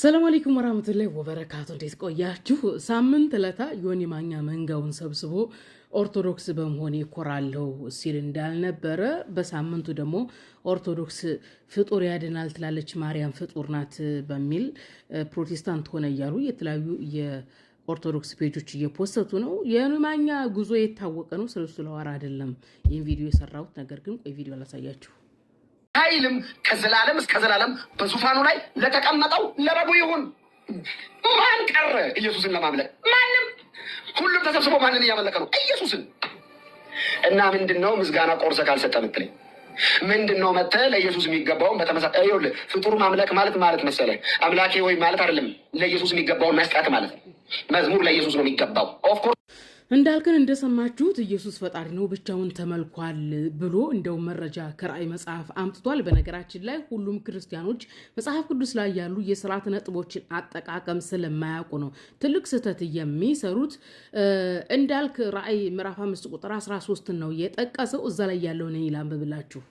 ሰላም አለይኩም ወራህመቱላሂ ወበረካቱ። እንዴት ቆያችሁ? ሳምንት ዕለታ ዮኒ ማኛ መንጋውን ሰብስቦ ኦርቶዶክስ በመሆን ይኮራለው ሲል እንዳልነበረ በሳምንቱ ደግሞ ኦርቶዶክስ ፍጡር ያድናል ትላለች ማርያም ፍጡር ናት በሚል ፕሮቴስታንት ሆነ እያሉ የተለያዩ የኦርቶዶክስ ፔጆች እየፖሰቱ ነው። የዮኒ ማኛ ጉዞ የታወቀ ነው። ስለሱ ለዋር አይደለም ይህን ቪዲዮ የሰራሁት ነገር ግን ቆይ ቪዲዮ አላሳያችሁ ኃይልም ከዘላለም እስከ ዘላለም በዙፋኑ ላይ ለተቀመጠው ለበጉ ይሁን። ማን ቀረ ኢየሱስን ለማምለክ? ማንም። ሁሉም ተሰብስቦ ማንን እያመለከ ነው? ኢየሱስን። እና ምንድን ነው ምስጋና ቆርሰ ካልሰጠ ምትለኝ ምንድን ነው መተ ለኢየሱስ የሚገባውን በተመሳሳይ ይኸውልህ፣ ፍጡር ማምለክ ማለት ማለት መሰለ አምላኬ ወይ ማለት አይደለም። ለኢየሱስ የሚገባውን መስጠት ማለት ነው። መዝሙር ለኢየሱስ ነው የሚገባው ኦፍኮርስ እንዳልክን እንደሰማችሁት ኢየሱስ ፈጣሪ ነው ብቻውን ተመልኳል ብሎ እንደው መረጃ ከራእይ መጽሐፍ አምጥቷል። በነገራችን ላይ ሁሉም ክርስቲያኖች መጽሐፍ ቅዱስ ላይ ያሉ የስርዓት ነጥቦችን አጠቃቀም ስለማያውቁ ነው ትልቅ ስህተት የሚሰሩት። እንዳልክ ራእይ ምዕራፍ አምስት ቁጥር 13 ነው የጠቀሰው። እዛ ላይ ያለውን ይላንብብላችሁ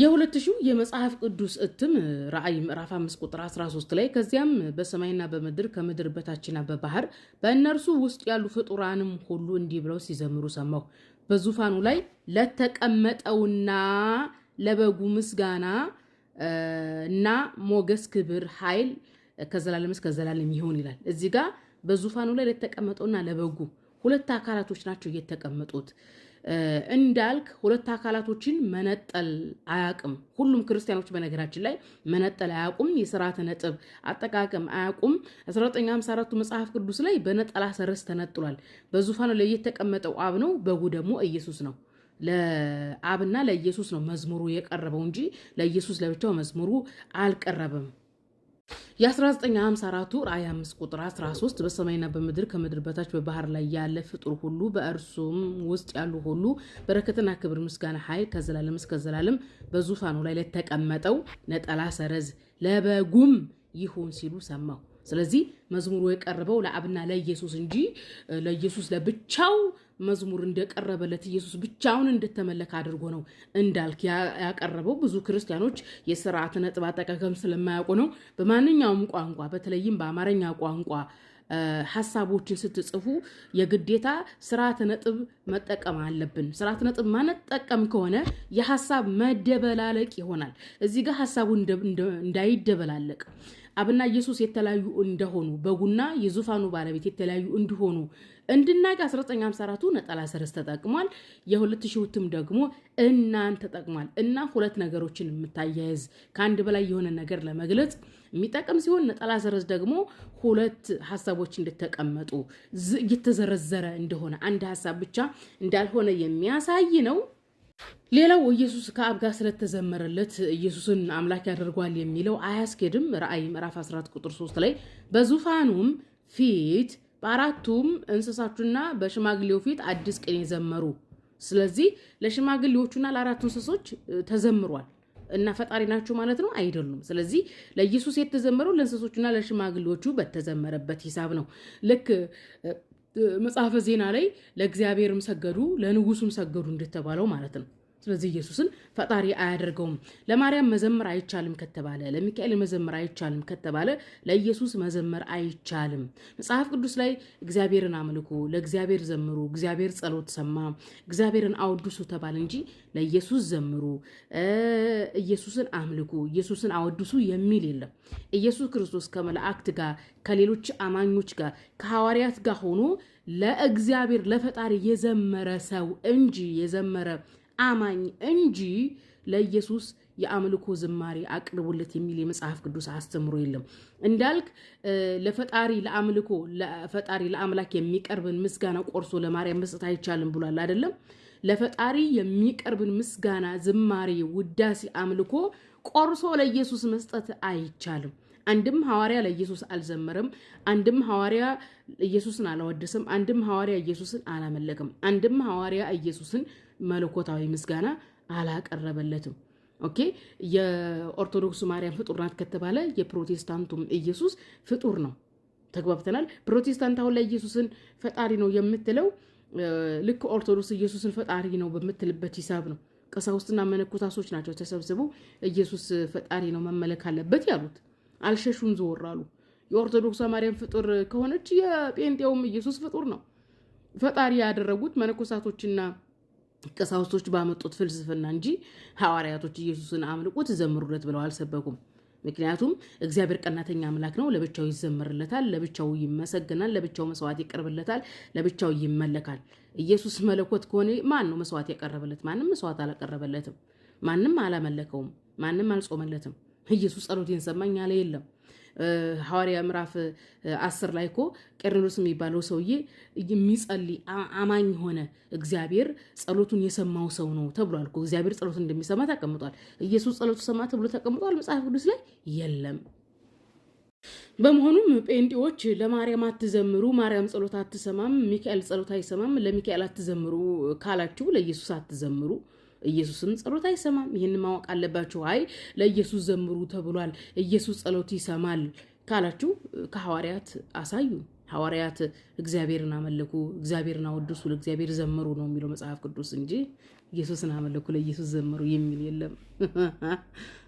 የሁለት ሺው የመጽሐፍ ቅዱስ እትም ራእይ ምዕራፍ 5 ቁጥር 13 ላይ ከዚያም በሰማይና በምድር ከምድር በታችና በባህር በእነርሱ ውስጥ ያሉ ፍጡራንም ሁሉ እንዲህ ብለው ሲዘምሩ ሰማሁ። በዙፋኑ ላይ ለተቀመጠውና ለበጉ ምስጋና እና ሞገስ፣ ክብር፣ ኃይል ከዘላለም እስከ ዘላለም ይሆን ይላል። እዚህ ጋር በዙፋኑ ላይ ለተቀመጠውና ለበጉ ሁለት አካላቶች ናቸው የተቀመጡት። እንዳልክ ሁለት አካላቶችን መነጠል አያውቅም። ሁሉም ክርስቲያኖች በነገራችን ላይ መነጠል አያውቁም። የስርዓተ ነጥብ አጠቃቀም አያውቁም። 1954ቱ መጽሐፍ ቅዱስ ላይ በነጠላ ሰረዝ ተነጥሏል። በዙፋኑ ላይ የተቀመጠው አብ ነው፣ በጉ ደግሞ ኢየሱስ ነው። ለአብና ለኢየሱስ ነው መዝሙሩ የቀረበው እንጂ ለኢየሱስ ለብቻው መዝሙሩ አልቀረበም። የ1954 ራዕይ 5 ቁጥር 13 በሰማይና በምድር ከምድር በታች በባህር ላይ ያለ ፍጡር ሁሉ በእርሱም ውስጥ ያሉ ሁሉ በረከትና ክብር፣ ምስጋና፣ ኃይል ከዘላለም እስከ ዘላለም በዙፋኑ ላይ ለተቀመጠው ነጠላ ሰረዝ ለበጉም ይሁን ሲሉ ሰማሁ። ስለዚህ መዝሙሩ የቀረበው ለአብና ለኢየሱስ እንጂ ለኢየሱስ ለብቻው መዝሙር እንደቀረበለት ኢየሱስ ብቻውን እንደተመለከ አድርጎ ነው እንዳልክ ያቀረበው። ብዙ ክርስቲያኖች የስርዓት ነጥብ አጠቃቀም ስለማያውቁ ነው። በማንኛውም ቋንቋ በተለይም በአማርኛ ቋንቋ ሀሳቦችን ስትጽፉ የግዴታ ስርዓተ ነጥብ መጠቀም አለብን። ስርዓተ ነጥብ ማንጠቀም ከሆነ የሀሳብ መደበላለቅ ይሆናል። እዚህ ጋር ሀሳቡ እንዳይደበላለቅ አብና ኢየሱስ የተለያዩ እንደሆኑ በጉና የዙፋኑ ባለቤት የተለያዩ እንዲሆኑ እንድናቅ 1954ቱ ነጠላ ስርዝ ተጠቅሟል። የ2000ቱም ደግሞ እናን ተጠቅሟል። እና ሁለት ነገሮችን የምታያያዝ ከአንድ በላይ የሆነ ነገር ለመግለጽ የሚጠቅም ሲሆን ነጠላ ስርዝ ደግሞ ሁለት ሀሳቦች እንደተቀመጡ እየተዘረዘረ እንደሆነ አንድ ሀሳብ ብቻ እንዳልሆነ የሚያሳይ ነው። ሌላው ኢየሱስ ከአብ ጋር ስለተዘመረለት ኢየሱስን አምላክ ያደርጓል የሚለው አያስኬድም። ራእይ ምዕራፍ 14 ቁጥር 3 ላይ በዙፋኑም ፊት በአራቱም እንስሳቹና በሽማግሌው ፊት አዲስ ቅኔ ዘመሩ። ስለዚህ ለሽማግሌዎቹና ለአራቱ እንስሶች ተዘምሯል እና ፈጣሪ ናቸው ማለት ነው አይደሉም። ስለዚህ ለኢየሱስ የተዘመረው ለእንስሶቹና ለሽማግሌዎቹ በተዘመረበት ሂሳብ ነው ልክ መጽሐፈ ዜና ላይ ለእግዚአብሔርም ሰገዱ ለንጉሱም ሰገዱ እንደተባለው ማለት ነው። ስለዚህ ኢየሱስን ፈጣሪ አያደርገውም። ለማርያም መዘመር አይቻልም ከተባለ፣ ለሚካኤል መዘመር አይቻልም ከተባለ፣ ለኢየሱስ መዘመር አይቻልም። መጽሐፍ ቅዱስ ላይ እግዚአብሔርን አምልኩ፣ ለእግዚአብሔር ዘምሩ፣ እግዚአብሔር ጸሎት ሰማ፣ እግዚአብሔርን አወድሱ ተባለ እንጂ ለኢየሱስ ዘምሩ፣ ኢየሱስን አምልኩ፣ ኢየሱስን አወድሱ የሚል የለም። ኢየሱስ ክርስቶስ ከመላእክት ጋር ከሌሎች አማኞች ጋር ከሐዋርያት ጋር ሆኖ ለእግዚአብሔር ለፈጣሪ የዘመረ ሰው እንጂ የዘመረ አማኝ እንጂ ለኢየሱስ የአምልኮ ዝማሬ አቅርቡለት የሚል የመጽሐፍ ቅዱስ አስተምሮ የለም። እንዳልክ ለፈጣሪ ለአምልኮ ለፈጣሪ ለአምላክ የሚቀርብን ምስጋና ቆርሶ ለማርያም መስጠት አይቻልም ብሏል አይደለም? ለፈጣሪ የሚቀርብን ምስጋና፣ ዝማሬ፣ ውዳሴ፣ አምልኮ ቆርሶ ለኢየሱስ መስጠት አይቻልም። አንድም ሐዋርያ ለኢየሱስ አልዘመረም። አንድም ሐዋርያ ኢየሱስን አላወደሰም። አንድም ሐዋርያ ኢየሱስን አላመለከም። አንድም ሐዋርያ ኢየሱስን መለኮታዊ ምስጋና አላቀረበለትም። ኦኬ የኦርቶዶክሱ ማርያም ፍጡር ናት ከተባለ የፕሮቴስታንቱም ኢየሱስ ፍጡር ነው። ተግባብተናል። ፕሮቴስታንት አሁን ላይ ኢየሱስን ፈጣሪ ነው የምትለው ልክ ኦርቶዶክስ ኢየሱስን ፈጣሪ ነው በምትልበት ሂሳብ ነው። ቀሳውስትና መነኮሳቶች ናቸው ተሰብስበው ኢየሱስ ፈጣሪ ነው መመለክ አለበት ያሉት። አልሸሹም፣ ዘወር አሉ። የኦርቶዶክስ ማርያም ፍጡር ከሆነች የጴንጤውም ኢየሱስ ፍጡር ነው። ፈጣሪ ያደረጉት መነኮሳቶችና ቀሳውስቶች ባመጡት ፍልስፍና እንጂ ሐዋርያቶች ኢየሱስን አምልቁት ዘምሩለት ብለው አልሰበኩም። ምክንያቱም እግዚአብሔር ቀናተኛ አምላክ ነው። ለብቻው ይዘምርለታል፣ ለብቻው ይመሰግናል፣ ለብቻው መስዋዕት ይቀርብለታል፣ ለብቻው ይመለካል። ኢየሱስ መለኮት ከሆነ ማን ነው መስዋዕት ያቀረበለት? ማንም መስዋዕት አላቀረበለትም። ማንም አላመለከውም። ማንም አልጾመለትም። ኢየሱስ ጸሎቴን ሰማኝ ያለ የለም። ሐዋርያ ምዕራፍ አስር ላይ እኮ ቄርኔሎስ የሚባለው ሰውዬ የሚጸልይ አማኝ ሆነ፣ እግዚአብሔር ጸሎቱን የሰማው ሰው ነው ተብሏል እኮ። እግዚአብሔር ጸሎቱን እንደሚሰማ ተቀምጧል። ኢየሱስ ጸሎቱ ሰማ ተብሎ ተቀምጧል መጽሐፍ ቅዱስ ላይ የለም። በመሆኑም ጴንጤዎች ለማርያም አትዘምሩ፣ ማርያም ጸሎት አትሰማም፣ ሚካኤል ጸሎት አይሰማም፣ ለሚካኤል አትዘምሩ ካላችሁ ለኢየሱስ አትዘምሩ ኢየሱስም ጸሎት አይሰማም። ይህን ማወቅ አለባችሁ። አይ ለኢየሱስ ዘምሩ ተብሏል፣ ኢየሱስ ጸሎት ይሰማል ካላችሁ ከሐዋርያት አሳዩ። ሐዋርያት እግዚአብሔርን አመለኩ፣ እግዚአብሔርን አወድሱ፣ ለእግዚአብሔር ዘምሩ ነው የሚለው መጽሐፍ ቅዱስ እንጂ ኢየሱስን አመለኩ፣ ለኢየሱስ ዘምሩ የሚል የለም።